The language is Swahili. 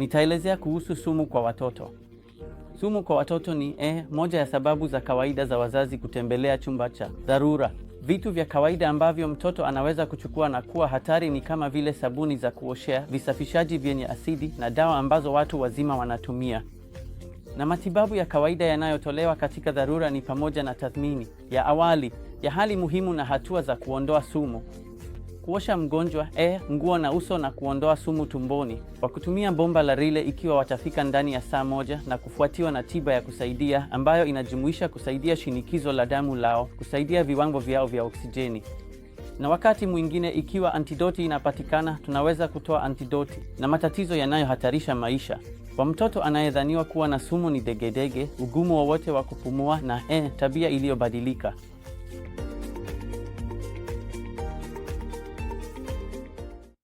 Nitaelezea kuhusu sumu kwa watoto. Sumu kwa watoto ni eh, moja ya sababu za kawaida za wazazi kutembelea chumba cha dharura. Vitu vya kawaida ambavyo mtoto anaweza kuchukua na kuwa hatari ni kama vile sabuni za kuoshea, visafishaji vyenye asidi na dawa ambazo watu wazima wanatumia. Na matibabu ya kawaida yanayotolewa katika dharura ni pamoja na tathmini ya awali ya hali muhimu na hatua za kuondoa sumu kuosha mgonjwa eh, nguo na uso na kuondoa sumu tumboni kwa kutumia bomba la Rile ikiwa watafika ndani ya saa moja, na kufuatiwa na tiba ya kusaidia ambayo inajumuisha kusaidia shinikizo la damu lao, kusaidia viwango vyao vya oksijeni na wakati mwingine ikiwa antidoti inapatikana, tunaweza kutoa antidoti na matatizo yanayohatarisha maisha. Kwa mtoto anayedhaniwa kuwa na sumu ni degedege, ugumu wowote wa kupumua na eh, tabia iliyobadilika.